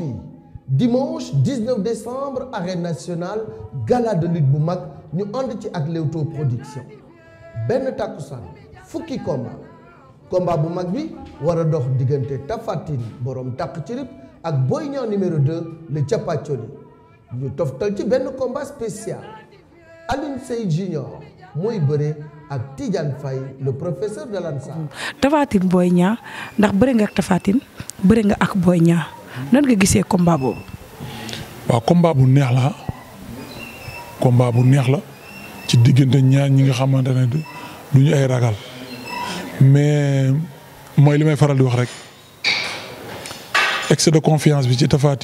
mbokk yi dimanche 19 décembre arène nationale gala de lutte bu mag ñu ànd ci ak Leewtoo production benn takkusaan fukki combat combat bu mag bi war a dox diggante Tapha Tine borom takk ak Boy Niang numéro 2 le Chapacholi ñu toftal ci benn combat spécial Alioune Seye Junior mooy bëre ak Tidiane Faye le professeur de l'ANSA. Tapha Tine Boy Niang ndax bëre nga ak Tapha Tine nga ak Boy Niang nan nga gisee kombaa boobu. waaw combat bu neex la combat bu neex la ci diggante ñaar ñi nga xamante ne du ñu ay ragal mais mooy li may faral di wax rek excès de confiance bi ci Tapha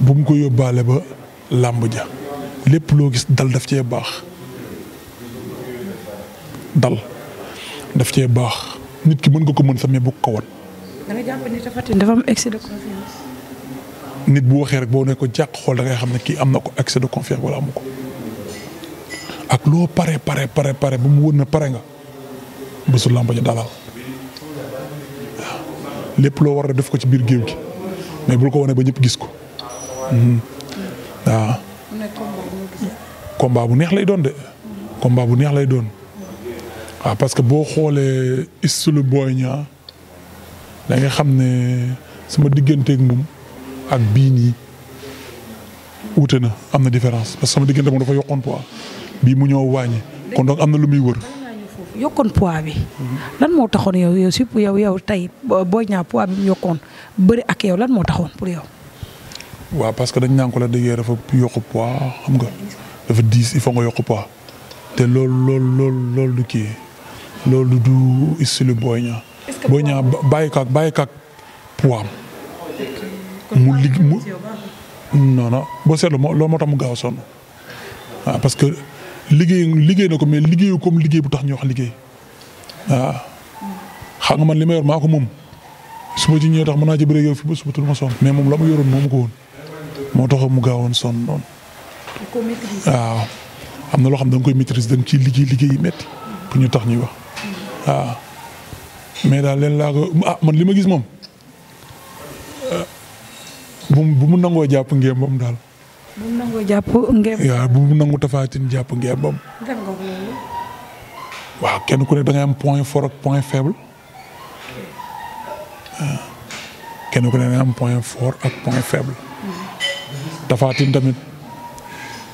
bu mu ko yóbbaale ba làmb ja lépp loo gis dal daf cee baax dal daf cee baax nit ki mën nga ko mën sax mais bu ko wan da nga excès de confiance. nit bu waxee rek boo nekk ko jàq xool da ngay xam ne kii am na ko excès de confiance wala amu ko ak loo pare pare pare pare ba mu wër na pare nga bésu làmb ja dalal lépp loo war a def ko ci biir géew gi mais bul ko wanee ba ñëpp gis ko mhm. waaw. combat bu neex lay doon de. combat bu neex lay doon. waaw parce que boo xoolee istulu booy ñaa da nga xam ne sama digganteeg moom ak bii nii wuute na am na différence parce que sama diggante moom dafa yokkoon poids bii mu ñëw wàññi kon donc am na lu muy wër. yokkoon poids bi. lan moo taxoon yow yow surtout yow yow tey booy ñaa poids bi bëri ak lan moo taxoon pour yow. waaw parce que dañ naan ko la déggee dafa yokk poids xam nga dafa diis il faut nga yokk poids te loolu loolu loolu loolu du kii loolu du istilu booy ñaa boo ñaa bàyyi ko ak bàyyi ko ak mu ligg mu non boo seetlu moo loolu moo tax mu gaaw a sonn waaw ah, parce que liggéey liggéey na ko mais liggéeyu comme liggéey bu tax ñuy wax liggéey waaw. Ah, nga man li ma yor maa ko moom suba ji ñëwee tax mën naa ci bëre yow fi ba suba tul ma sonn mais moom la mu yoroon moomu ko woon moo tax mu gaawoon sonn noonu. waaw ah, am na loo xam da koy maîtriser danga nga ciy liggéey liggéey yi pour ñu tax ñuy wax mais daal leen laa ko ah man li ma gis moom euh, bu bu mu nangoo jàpp ngémbam daal. bu mu jàpp ngémbam. waaw nangu tafaatin jàpp ngémbam. def waaw kenn ku ne da am point fort ak point faible. Euh, kenn ku ne da am point fort ak point faible. tafaatin tamit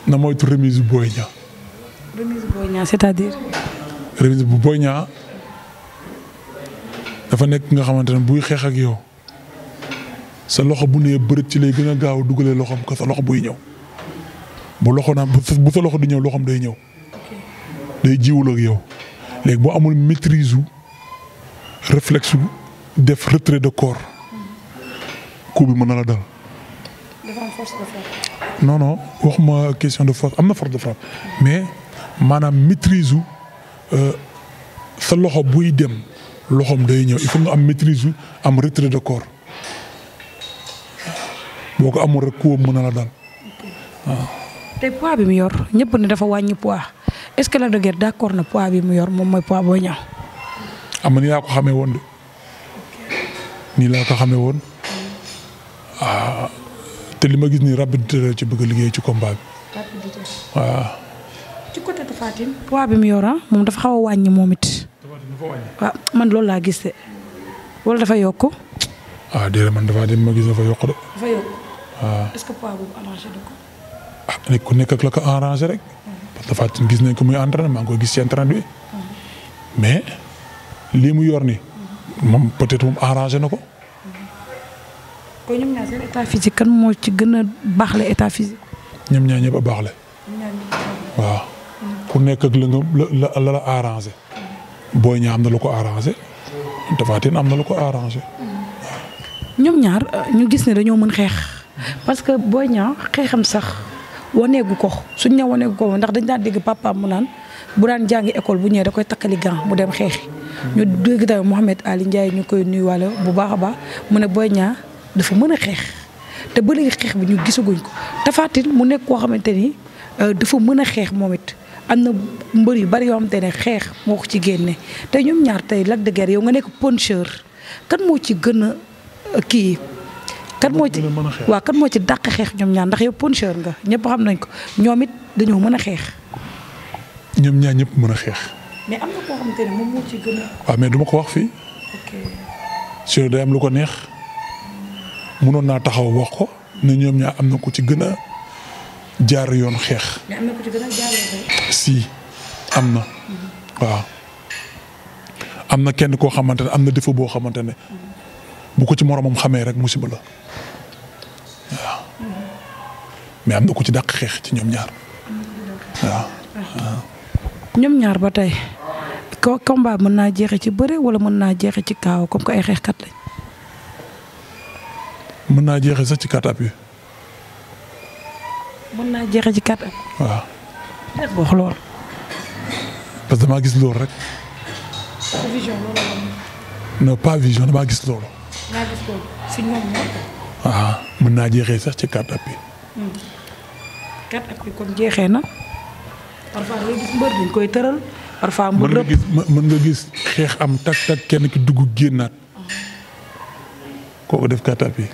na mooy remise bu remise bu booy ñaa c'est-à-dire. remise bu booy ñaa. dafa nekk nga xamante ne buy xeex ak yow sa loxo bu nee bërët ci lay gën a gaaw a loxoom ko sa loxo buy ñëw bu loxo naa bu sa loxo di ñëw loxoom day ñëw day jiwul yow léegi boo amul maîtrise u réflexe def retrait de corps mm-hmm. coup bi mën nala la dal. non non waxuma question de force am na force de frappe mais maanaam maîtrise u euh, sa loxo buy dem. loxoom day ñëw il faut nga am maîtrise yu am retrait de boo ko amul rek ku mën a la dal tey poids bi mu yor ñëpp ne dafa wàññi poids est-ce que Lac de na poids bi mu yor moom mooy poids Boy Niang. am ah, na ni laa ko xamee woon de nii laa ko xamee woon ah, te li ma gis nii rapidité la ci bëgg a liggéey ci combat bi. rapidité bi mu yor ah, moom dafa xaw a wàññi moom waaw ah, man loolu laa gis de wala dafa yokk. a ah, déedéet man dafa dem ma gis dafa yokk de. dafa yokk ah. que poids boobu ku nekk ak la rek. parce que dafa gis nañ ko muy entraîné maa ngi koy gis ci entraîné bi. mais lii mu yor ni moom peut-être moom arrangé na ko. kon ñoom ñaar état physique kan moo ci gën a baaxle état physique. ñoom ñaar ñëpp a baaxle. waaw ku nekk ak la nga la la arrangé. Boy Niang am na lu ko arrangé Tapha Tine am na lu ko arrangé. ñoom ñaar ñu gis ne dañoo mën xeex parce que booy ñaar xeexam sax waneegu ko suñ ne waneegu ko ndax dañ daan dégg papaam mu naan bu daan jàngi école bu ñëwee da koy takkali gant mu dem xeex ñu dégg tamit Mouhamed Ali Ndiaye ñu koy nuyuwaale bu baax a baax mu ne Boy Niang dafa mën a xeex te ba xeex bi ñu gisaguñ ko Tapha Tine mu nekk koo xamante ni euh, dafa mën a xeex moom am na mbër yu bari yoo xam te ne xeex moo ko ci génne te ñoom ñaar tey Lac de yow nga nekk puncheur kan moo ci gën a euh, kii kan moo ci waa kan moo ci dàq xeex ñoom ñaar ndax yow puncheur nga ñëpp xam nañ ko ñoom it dañoo mën a xeex. ñoom ñaar ñëpp mën a xeex. mais am na koo xam te moom moo ci gën a. mais duma ko wax fii. ok si day am lu ko neex mënoon naa taxaw wax ko ne ñoom ñaar am na ko ci gën a. jaar yoon xeex. mais am na si am na. waaw am na kenn koo xamante ne am na défaut boo xamante ne bu ko ci moromam xamee rek musiba la waaw mais am na ku ci dàq xeex ci ñoom ñaar waaw. ñoom ñaar ba tey ko combat mën naa jeexe ci bëre wala mën naa jeexe ci kaaw comme ko ay xeexkat lañ. mën naa jeexe sax ci kataap yi. naa jeexee ci kàttan. waaw. neex lool. parce que damaa gis loolu rek. vision non pas vision damaa gis loolu. naa gis loolu mën naa jeexee sax ci kàttan bi. kàttan jeexee na. parfois nga gis mbër dañ koy tëral. parfois mbër mën nga gis xeex am tak tak kenn ki dugg génnaat. Hmm. kooku def kàttan bi.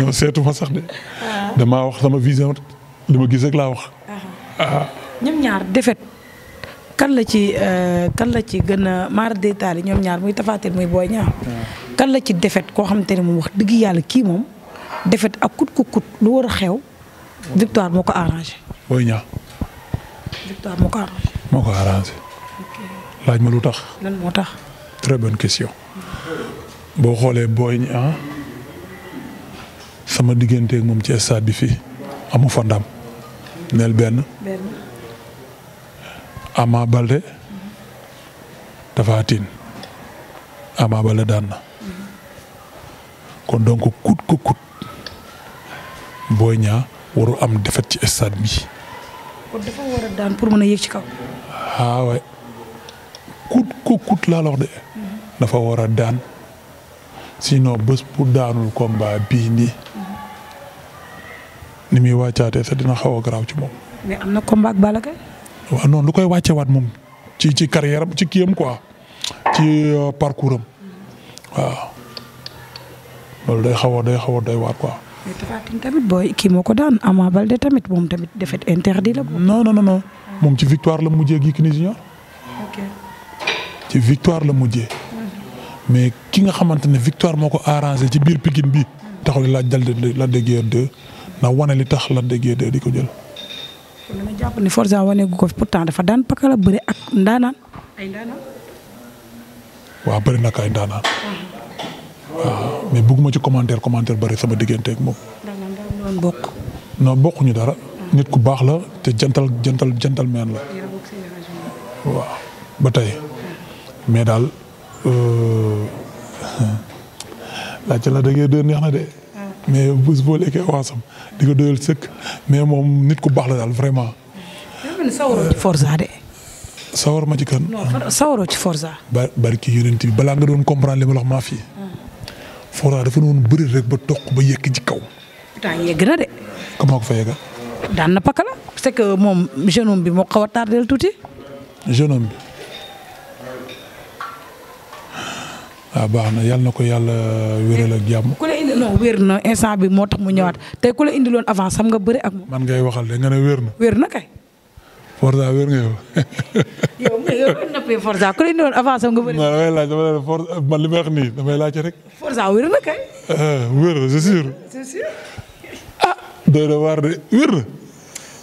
non seetu ma sax de. Ah. damaa wax sama vision li ma gis rek laa wax. Ah. Ah. ñoom ñaar defet kan la ci euh, kan la ci gën a maar détail yi ñoom ñaar muy tafaatil muy booy ñaar. kan la ci defet koo xam te ne moom wax dëgg yàlla kii moom defet ak kut ku kut lu war a xew. victoire moo ko arrangé. booy ñaar. victoire moo ko arrangé. moo laaj ma lu tax. lan moo question. boo xoolee booy ñaar. ma digganteeg moom ci stade bi fii amu fa ndam neel benn Ama Balde Tapha Tine Balde daan na kon donc kut ko kut Boy Niang waru am défaite ci stade bi. kon dafa war a daan pour mën a kut kut laa de. Mhm. dafa war daan sinon bés bu daanul combat bii nii. ni muy wàccaatee sax dina xaw a garaaw ci moom. mais am na combat ak wa Gaye. lu koy waat moom ci ci carrière am ci kii am quoi ci euh, parcours am waaw day xaw a day xaw a doy waar quoi. booy kii moo ko daan Ama tamit moom tamit defet interdit la. non non non moom ci victoire la mujjee ak Yékini Junior. ok ci victoire la mujjee. Mm-hmm. mais ki nga xamante ne victoire moo ko arrangé ci biir Pikine bi. taxul laaj dal de la déggee deux. ndax wane li tax Lac de Guiers 2 di ko jël. kon dama dafa daan paka la bëri ak ndaanaan ay ndaanaan. na ak ay ndaanaan. Ah. mais bëgguma ci commentaire commentaire bëri sama diggante ak moom. ndaanaan bokk. non bokkuñu dara. Ah. nit ku baax la te jantal jantal gentleman la. waaw ba tey mais daal la da ngeen doon neex na de. mais bés boo lekkee avance am di ko mais moom nit ku baax la daal vraiment. sawaroo ci de. sawar ma ci kan. sawaroo ci Forza. ba barki yonent bi balaa nga doon comprendre li ma la wax maa fii. Forza dafa doon bëri rek ba toq ba yekk ci kaw. pourtant yegg de. comment ko fa yegga. daan na paka la. c'est que moom jeune homme bi moo xaw a tardé tuuti. jeune homme bi. Ah, baax na yàlla na ko yàlla wéral ak jàmm. indi non na instant bi moo tax mu ñëwaat hmm. tey ku la indiloon avance xam nga bëri ak moom. man ngay waxal de nga ne wér na. wér kay. Forza wér nga yow. yow nga nga noppee Forza la nga bëri. rek. Forza wér na kay. Eh, wér na ah, na waar de wér na.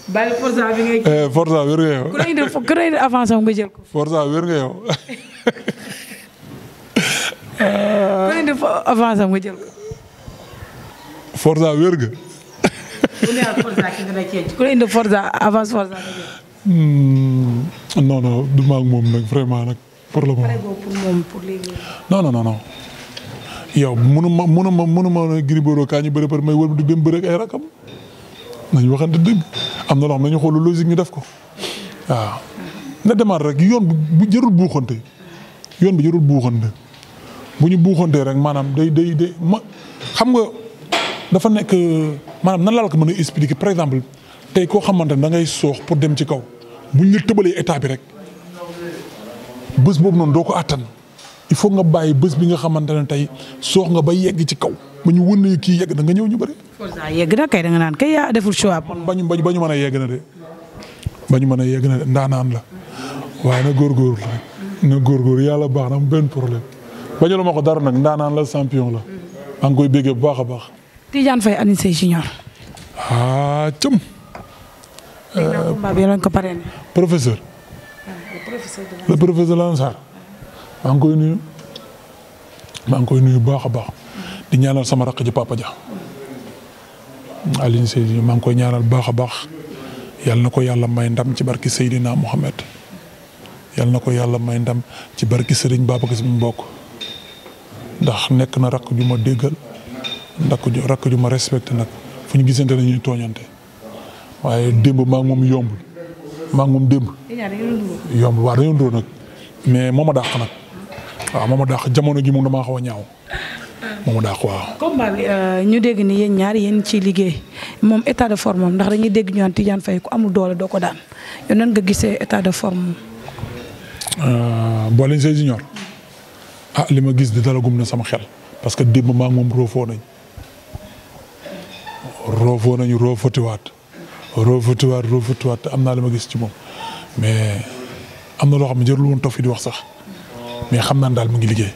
bàyyi Forza bi ngay. Eh, Forza nga yow. ku la indil nga jël ko. Forza wér nga yow. ku la indil nga jël ko. Forza wér nga. ku la indi Forza avance Forza. Hmm, non du ma moom nag vraiment nag pour la moment. pour moom pour léegi. non non non yow mënu ma mënu ma mënu kaa ñu bëri par may wër du dem bëri ak ay rakam nañu waxante dëgg am na loo xam ne ñu xool logique ñu def ko waaw. na demaat rek yoon bu jërul buuxante yoon bi jërul buuxante bu ñu buuxantee rek maanaam day day day ma xam nga. dafa nekk maanaam nan laa la ko mën a expliquer par exemple tey koo xamante ne da ngay soox pour dem ci kaw buñ la tëbalee état bi rek bés boobu noonu doo ko àttan il faut nga bàyyi bés bi nga xamante ne tey soox nga ba yegg ci kaw ba ñu wën kii yegg na nga ñëw ñu bëri. Forza yegg na kay da nga naan kay yaa deful choix. ba ñu ba ñu mën a yegg na de ba ñu mën a yegg na de ndaanaan la waaye na góorgóorlu rek na góorgóorlu yàlla baax na am benn problème bañu la ma ko dara nag ndaanaan la champion la maa koy béggee bu a baax. Tidiane Faye Alioune Seye Junior. ah cëm. ko paree professeur. Ah, le professeur Lansar. maa ngi koy nuyu maa koy nuyu baax a baax di ñaanal sama rakk ji papa ja Alioune Seye maa ngi koy ñaanal baax a baax yal na ko yàlla may ndam ci barki Seydina Mohamed yal na ko yàlla may ndam ci barki Serigne Babacar si mu ndax nekk na rakk ju déggal. rakk ju rakk ju ma nag fu ñu gisante ne ñuy tooñante waaye démb maa moom yombul maa ngi moom démb. yombul waaw dañoo ndóol nag mais moom ma dàq nag waaw moom ma dàq jamono ji moom damaa xaw a ñaaw. moom mu daax waaw. combat euh, ñu dégg ni yéen ñaar yéen ci liggéey moom état de forme ndax dañuy dégg ñu naan Tidiane Faye ku amul doole doo ko daan yow nan nga gisee état de forme euh, boole Boy Seye junior ah li ma gis di dalagum na sama xel parce que démb maa ngi moom roofoo nañ roofoo nañu roofatiwaat roofatiwaat roofatiwaat te am naa li ma gis ci moom mais am na loo xam ne jarul woon toog di wax sax mais xam naa daal mu ngi liggéey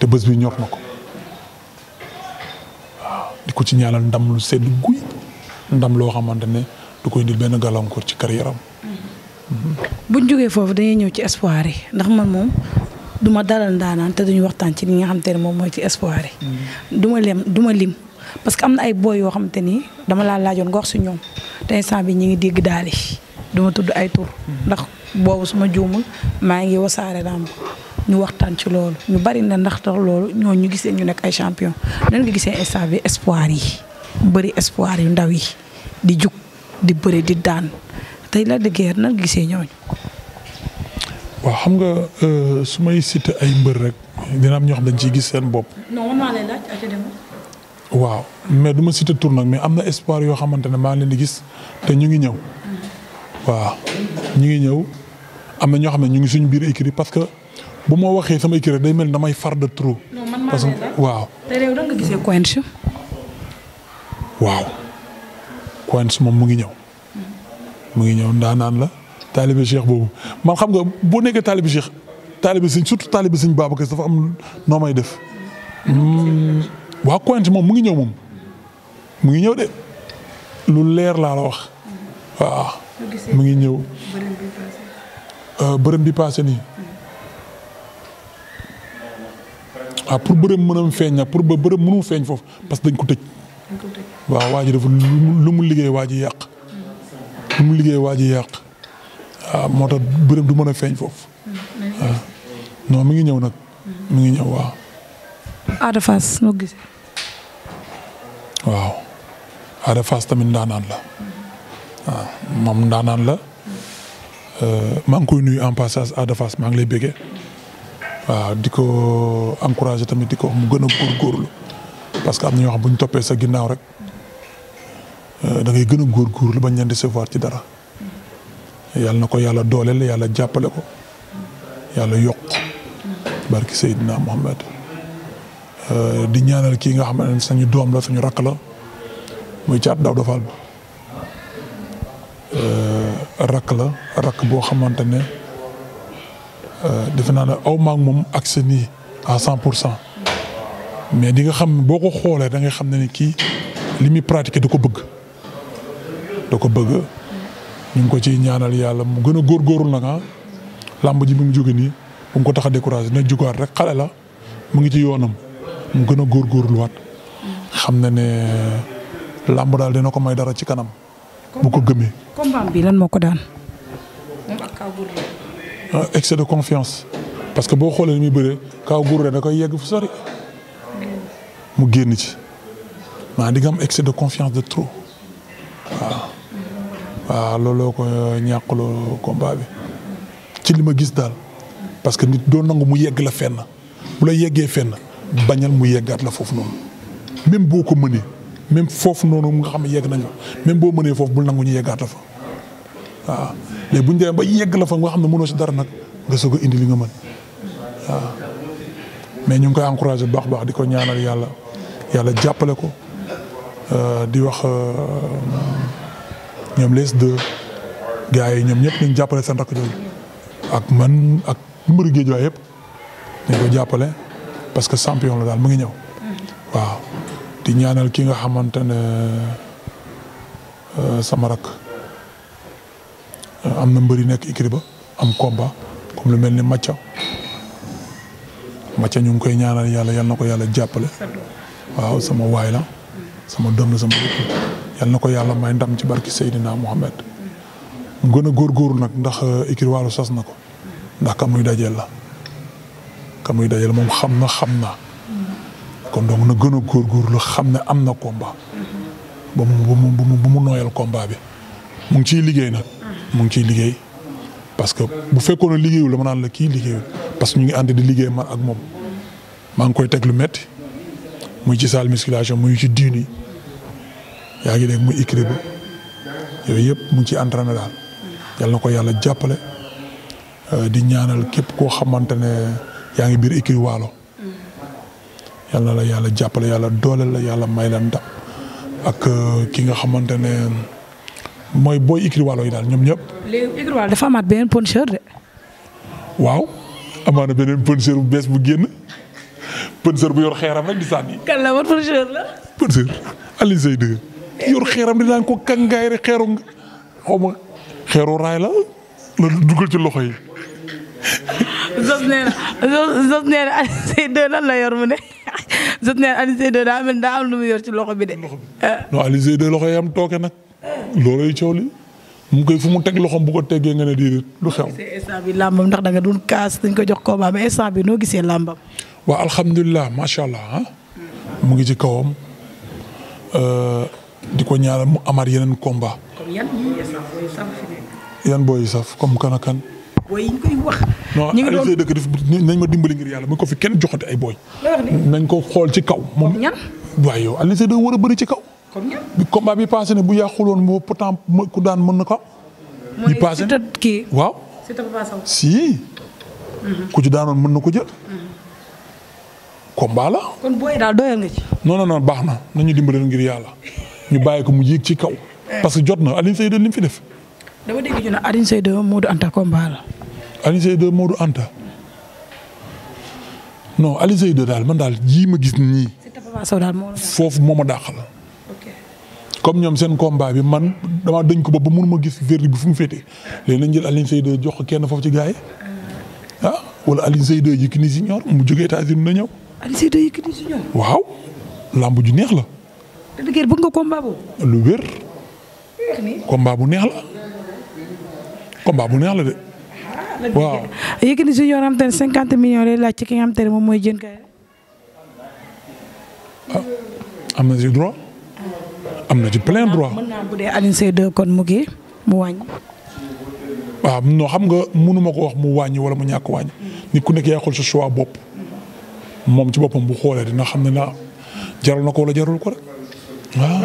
te bés bi ñor na ko waaw di ko ci ñaanal ndam lu sedd guy ndam loo xamante ne du koy indil benn gàllankoor ci carrière am. Mhm. buñ jógee foofu dañuy ñëw ci espoir yi ndax man moom duma dalal ndaanaan te duñu waxtaan ci li nga xam ne moom mooy ci espoir yi. Mhm. duma lem duma lim. parce que am na ay booy yoo xamante ni dama laa laajoon nga si ñoom te instant bi ñi ngi dégg daali duma tudd ay tur ndax boobu suma juumul maa ngi wasaare lamb ñu waxtaan ci loolu ñu bari na ndax tax loolu ñoo ñu gisee ñu nekk ay champion nan nga gisee instant bi espoir yi bëri espoir yu ndaw yi di jug di bëri di daan tey la de guerre nan gisee ñooñu waa xam nga euh, su may cité ay mbër rek dina am dañ ciy gis seen bopp waaw mais du ma cité tour nag mais am na espoir yoo xamante ne maa leen di gis te ñu ngi ñëw. waaw ñu ngi ñëw am na ñoo xam ne ñu ngi suñu biir écurie parce que bu ma waxee sama écurie day mel ni damay far de trop. parce que waaw. te waaw Quench moom mu ngi ñëw. mu ngi ñëw naan la. taalibe Cheikh boobu man xam nga boo nekkee taalibe Cheikh taalibe sëñ surtout taalibe sëñ Babacar dafa am noo may def. waa Koyante moom mu ngi ñëw moom mu ngi ñëw de lu leer laa la wax waaw. mu ngi ñëw bërëm bi paase euh, nii. waaw hmm. ah, pour bërëm mënam feeñ na pour ba bërëm mënu feeñ foofu parce que dañ ko tëj. waaw waa ji lu mu liggéey waa ji yàq. lu mu liggéey waa ji yàq waaw ah, moo tax bërëm du mën a feeñ foofu waaw hmm. ah. non mi ngi ñëw nag hmm. mu ngi ñëw waaw. Ada Fass noo gisee. waaw Ada Fass tamit ndaanaan la waaw ah, moom ndaanaan la euh, maa ngi koy nuyu en passage Ada Fass maa ngi lay béggee waaw di ko encouragé tamit di ko mu gën a góorgóorlu parce que am na ñoo xam bu ñu toppee sa ginnaaw rek euh, da ngay gën a góorgóorlu bañ leen décevoir ci dara yàlla na ko yàlla dooleel yàlla jàppale ko yàlla yokk barki Seydina Mohamed. Euh, di ñaanal kii nga xam ne suñu doom la suñu rakk la muy Thiat Daouda Fall euh, rakk la rakk boo xamante ne euh, defe naa ne aw maag moom accès nii à cent pour cent mais di nga xam boo ko xoolee da ngay xam ne ni kii li muy pratiquer da ko bëgg da ko bëgg ñu ngi ko ci ñaanal yàlla mu gën a góorgóorlu nag ah làmb ji bi mu jóge nii bu mu ko tax a découragé na jugaat rek xale la mu ngi ci yoonam. mu gën a góorgóorluwaat xam na ne làmb daal dina ko may dara ci kanam. bu ko gëmee. combat bi lan ah, excès de confiance. parce que boo xoolee li muy kaw góor da koy yegg fu sori. mu génn ci. maa di am excès de confiance de trop. waaw. waaw looloo ko euh, ñàkkloo combat bi. ci li ma gis daal. parce que nit doo nangu mu yegg la fenn. bu la yeggee fenn. bañal mu yeggaat la foofu noonu même boo ko mënee même foofu noonu nga xam ne yegg nañ fa même boo mënee foofu bul nangu ñu yeggaat la fa waaw mais bu ba yegg la fa nga xam ne mënoo si dara nag nga soog a indi li nga mën waaw mais ñu ngi koy encouragé bu baax baax di ko ñaanal yàlla yàlla jàppale ko euh, di wax euh, ñoom les deux gars yi ñoom ñëpp ñu jàppale seen rakk jooju ak man ak mbëru géej waay yëpp ñu ko jàppale. parce que champion la daal mu ngi ñëw. waaw di ñaanal ki nga xamante ne euh, sama rak euh, am na mbëri nekk écurie ba am combat comme lu mel ni Macha Macha ñu ngi koy ñaanal yàlla yal na ko yàlla jàppale. waaw sama waay la sama doom la sama yal na ko yàlla may ndam ci barki Seydina Mohamed. mu gën góor góorgóorlu nag ndax écurie euh, Waalo sas na ko ndax kam muy dajeel la. ka muy dajal moom xam na xam na kon doom na gën a góorgóorlu xam ne am na komba ba mu ba nooyal combat bi mu ngi ciy liggéey nag mu ngi ciy liggéey parce que bu fekkoon ne liggéeyul dama naan la kii liggéeyul parce que ñu ngi ànd di liggéey man ak moom maa ngi koy teg lu metti muy ci salle musculation muy ci diin yi yaa ngi dégg muy écrit bi yooyu yëpp mu ngi ci entraîné daal yal na ko yàlla jàppale euh, di ñaanal képp koo xamante ne yaa ngi biir écurie Waalo. yàlla la yàlla jàppale yàlla dooleel la yàlla may la ndam ak euh, ki nga xamante ne mooy booy écurie Waalo yi daal ñoom ñëpp. léegi écurie Waalo dafa amaat beneen puncheur de. waaw amaana beneen puncheur bu bees bu génn puncheur bu yor xeeram rek di sànni. kan la woon puncheur la. ko kangaay rek xeeru xaw xeeru raay la la dugal ci loxo yi. Zos nee na Zos nee na Alioune Seye 2 lan la yor mu ne Zos na Alioune Seye 2 daa mel daa am lu mu yor ci loxo bi de. non Alioune Seye 2 loxo yi am tooke nag loolooy coow li mu fu mu teg loxoom bu ko teggee nga ne diirit lu xew. làmbam ndax danga nga doon kaas dañ ko jox combat noo gisee làmbam. waaw alhamdulilah macha allah ah. mu ngi ci kawam euh, di ko ñaanal mu amaat yeneen combat. yan booy saf comme kan kan. booy yi ñu koy nañ ma dimbali ngir yàlla mu ko fi kenn joxante ay booy. nañ ko xool ci kaw. moom ñan waaye yow Alioune Seye war a bëri ci kaw. comme ñan bi combat bi passé ne bu yàquloon moom pourtant ku daan mën na ko. bi passé mooy si waaw mhm. si. ku ci daanoon mën na ko jël. Mhm. combat la. kon booy daal doyal nga ci. non non baax na nañu dimbali ngir yàlla ñu bàyyi ko mu yéeg ci kaw. Eh. parce que jot na Alioune Seye li mu fi def. dama dégg ñu ne Alioune Seye Modou Anta combat Alizé de Modou Anta non Alizé de daal man daal jii ma gis nii. foofu moom a dàqal. comme ñoom seen combat bi man damaa dëñ ko ba ba mënuma gis verdi bi fu mu féete léegi lañ jël Alioune Seye jox kenn foofu ci gars yi ah wala Alioune Seye 2 Yékini Junior mu jógee États-Unis na ñëw. waaw làmb ju neex la. te lu wér. bu neex la. bu neex la de. waaw Yékini Junior am te cinquante millions lay laaj ci ki nga xam moom mooy Diène Kaïré ah, am na ci droit am na ci plein droit. mën naa bu kon mu ngi mu wàññi. waaw non xam nga mënuma ko wax mu wàññi wala mu ñàkk wàññi. nit ku nekk yaa xool sa choix bopp. moom ci boppam bu xoolee dina xam ne na jaral na ko jarul ko rek. waaw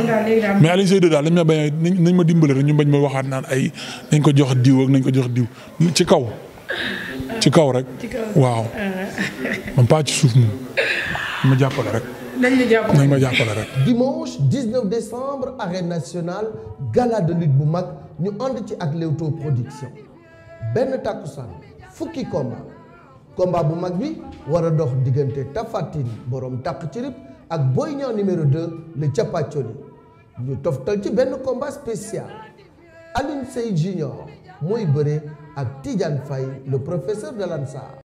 mais Alioune Seye daal dañ ma bañ nañ ma dimbale rek ñu bañ ma waxaat naan ay nañ ko jox diw ak nañ ko jox diw ci kaw. ci kaw rek. waaw. man pas ci suuf moom ma jàppale rek. nañ ma jàppale ma jàppale rek. dimanche 19 décembre arène nationale gala bu mag ñu ànd ci ak Leewtoo production benn takkusaan fukki combat combat bu mag bi war a dox diggante Tapha Tine borom takk ci rib ak Boy Niang numéro 2 le Thiapathioli ñu toftal ci benn combat spécial Alioune Seye Junior mooy bëre ak Tidiane fay le professeur de l'Ansar